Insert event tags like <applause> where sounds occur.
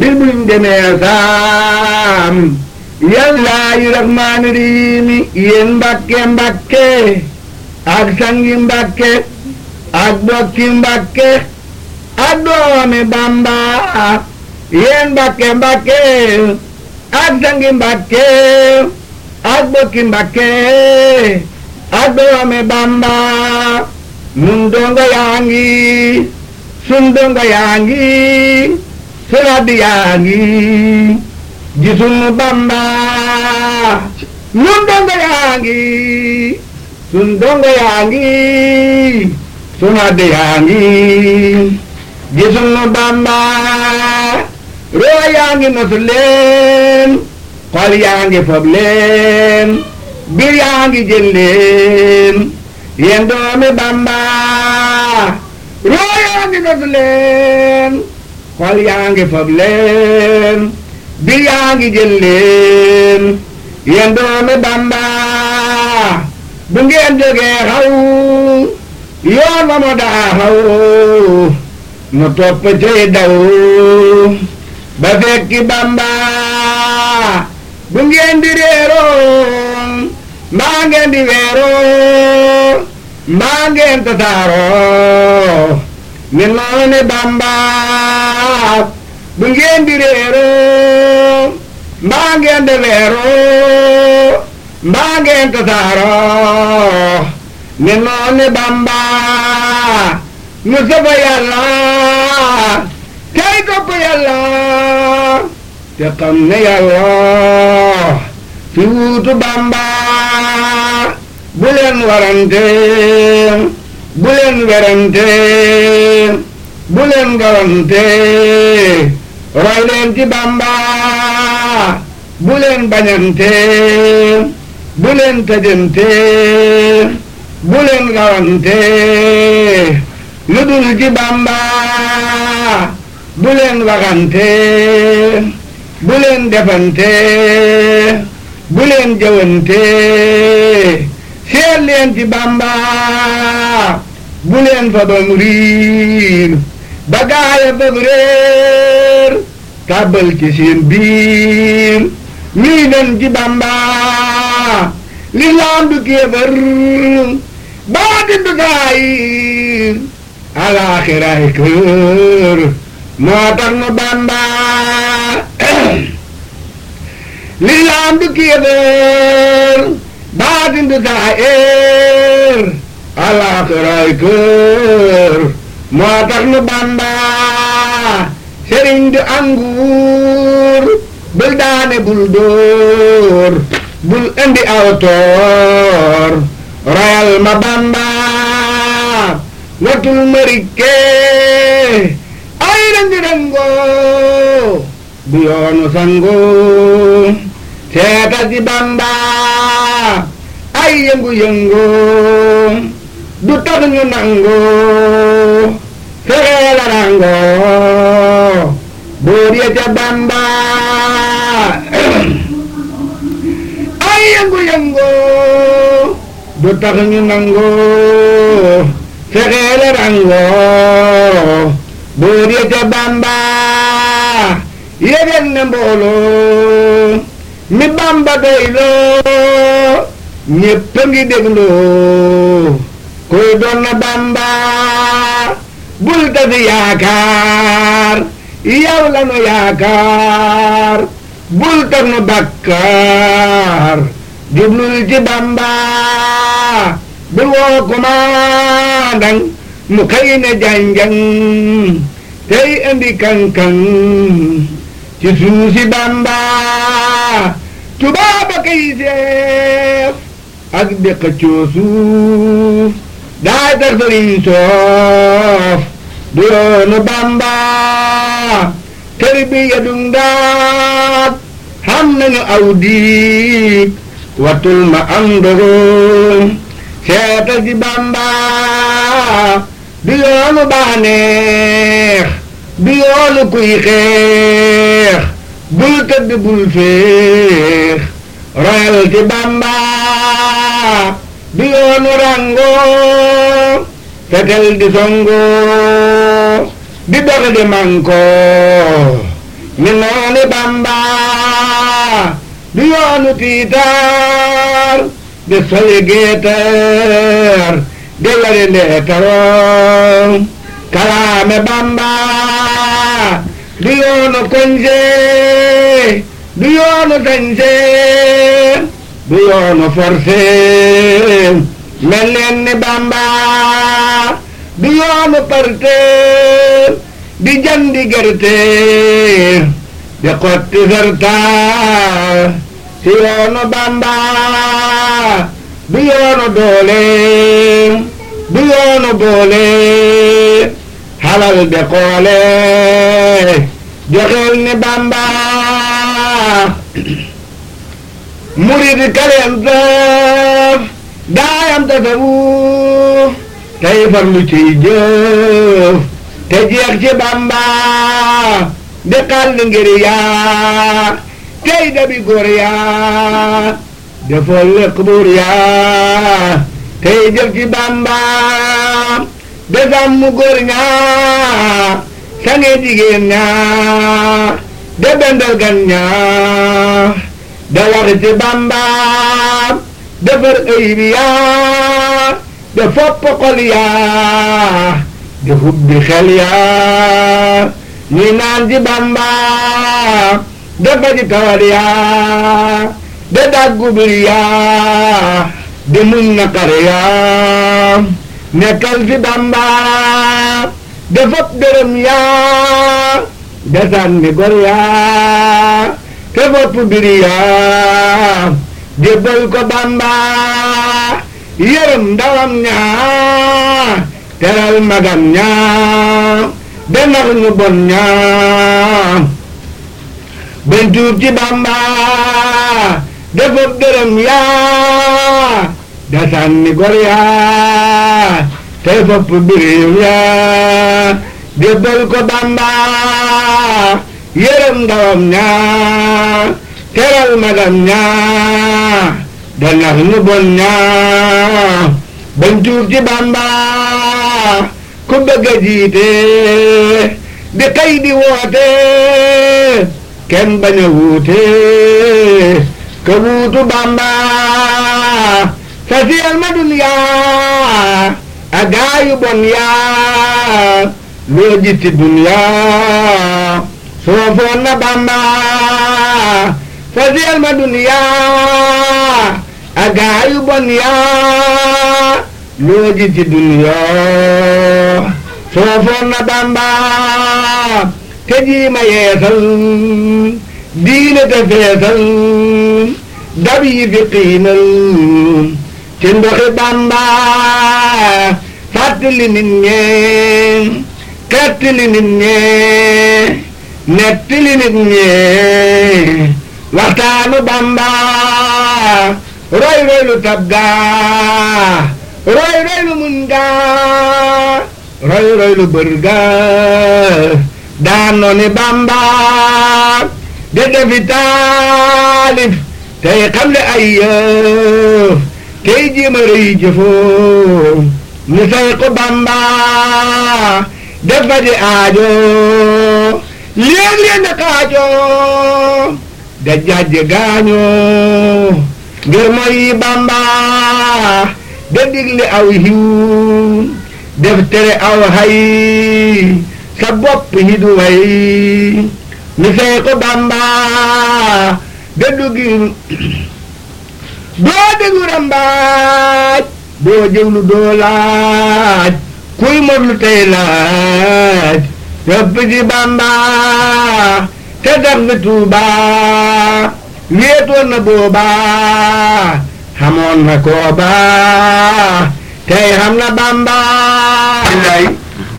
bis buñ demee saam yallaayi rahmaani riimi yéen mbàkke mbàkke ak sangi mbàkke ak bokki mbàkke ak doomi bamba yéen mbàkke mbàkke ak sangi mbàkke ak bokki mbàkke ak doomi bamba nun dongo yaa ngi sun dongo yaa ngi sirab yaa ngi gisunu Bamba ñun dongo yaa ngi sun dongo yaa ngi sun ab yaa ngi gisunu Bamba roo yaa ngi nosu leen xol yaa ngi fob leen biir yaa ngi jël leen doomi Bamba roo yaa ngi nosu leen xol yaa ngi foog leen bi yaa ngi jël leen yéen doomi Bamba bu ngeen jógee xaw yoon wa mu daa xaw ba fekki Bamba bu ngeen di mbaa ngeen di weeroo mbaa ngeen tasaaroo ni noonu Bamba bu ngeen di réeroo ngeen di weeroo ngeen tasaaroo ne noonu Bamba nu sëfa yàlla tey topp yàlla te xam ne yàlla fi wuutu Bamba bu leen warante bu leen werante bu roy leen ci Bàmba bu leen bañante bu leen tëjante bu leen rawante lu dul ci Bàmba bu leen waxante bu leen defante bu leen jëwante seet leen ci Bàmba bu leen fa bam ba gaaya bam réer tàbbal ci seen biir ñuy dem ci Bamba lislaam du kéefar baatin du taayir alaaxiraay kër moo tax nu Bamba <clears throat> lislaam du kéefar baatin du taayir alaaxiraay kër moo tax Bamba sëriñ du am nguur bul bul dóor bul indi aw toor royal ma Bamba watul marike ay rangi rango bu yoonu sango seeta si ay yëngu-yëngu du tax ñu nango fexeelarango buur ya ca Bamba <clears throat> ay yëngu-yëngu du tax ñu nangu fexeelarango buur ya ca Bamba yëgal na mbooloo mi Bamba doyloo ñëpp a ngi dégloo koy doon Bamba bul def yaakaar yow la nu yaakaar bul def jublul ci Bamba bi woo kumaandang mu xëy ne janjang tey indi ci suusi Bamba tubaaba kay seef ak dëkk coo suuf daa tax sëriñ doona Bamba tarbiya dum daat xam nañu aw diig watul ma àndoon seetal ci du yoonu baaneex du yoonu kuy xeex bul tëdd bul féex royal ci du yoonu rango fetel di songo di dox di manko ni nooni bamba du yoonu tiitaar di soli géetar di lari ndeetaro kalaame bamba du yoonu koñse du yoonu tañse du yoonu forcé mel leen ni bàmba du yoonu parteer di jandi gerte di xotti sarta ci yoonu bàmba du yoonu doole du yoonu boole xalal de xoole joxeel ni bàmba murid kaleen def gaayam tasawu tey farlu ciy jëf te jeex ci Bamba di xal ngir yaa tey dabi góor yaa defal lekk buur yaa tey jëf ci Bamba desam mu góor ñaa sange jigéen ñaa de bendal gan ñaa da wax ci defar ayib yaa de fopp xol yaa de hubbi xel yaa ñuy naan ji bamba de faji tawat yaa de daggubul yaa de muñ naqar yaa nekkal fi bamba de fop dërëm yaa de sànni gor yaa te fopp biri yaa jébbal ko Bamba yërëm ndawam ñaa teral magam ñaa benax ñu bon ñaa bañ Bamba defab dërëm yaa dasanni gor yaa tey fopp biriw yaa ko Bamba yërëm ndawam ñaa teral magam ñaa naa danax nu bon ku bëgg a jiite di xëy di woote kenn bañ a wuute duniyaa a gaayu bon yaa duniyaa soofoon na fasiyal ma duniyaa ak gaa yu bon yaa loo ji ci duniyaa soofoon na Bàmba te ji ma yeesal diine te feesal dab yi fi xiinal ci ndoxi Bàmba fàttali nit ñee xettali nit ñee nettali nit ñee waxtaanu Bamba roy roy lu tab roy roy lu mun roy roy lu bër gaa daanoo de defi taalif tey xam ne tey jéem a rëy jëfoo ñu say ko Bamba defa di dajjaaj ji gaañoo ngir mooy Bàmba de digle aw hiw def tere aw hay sa bopp yi du way ñu de duggi doo déglu rambaaj doo jëwlu doo laaj kuy morlu tey laaj topp ci Bàmba te dem bi Tuuba wéetoon na booba xamoon na kooba tey xam na Bamba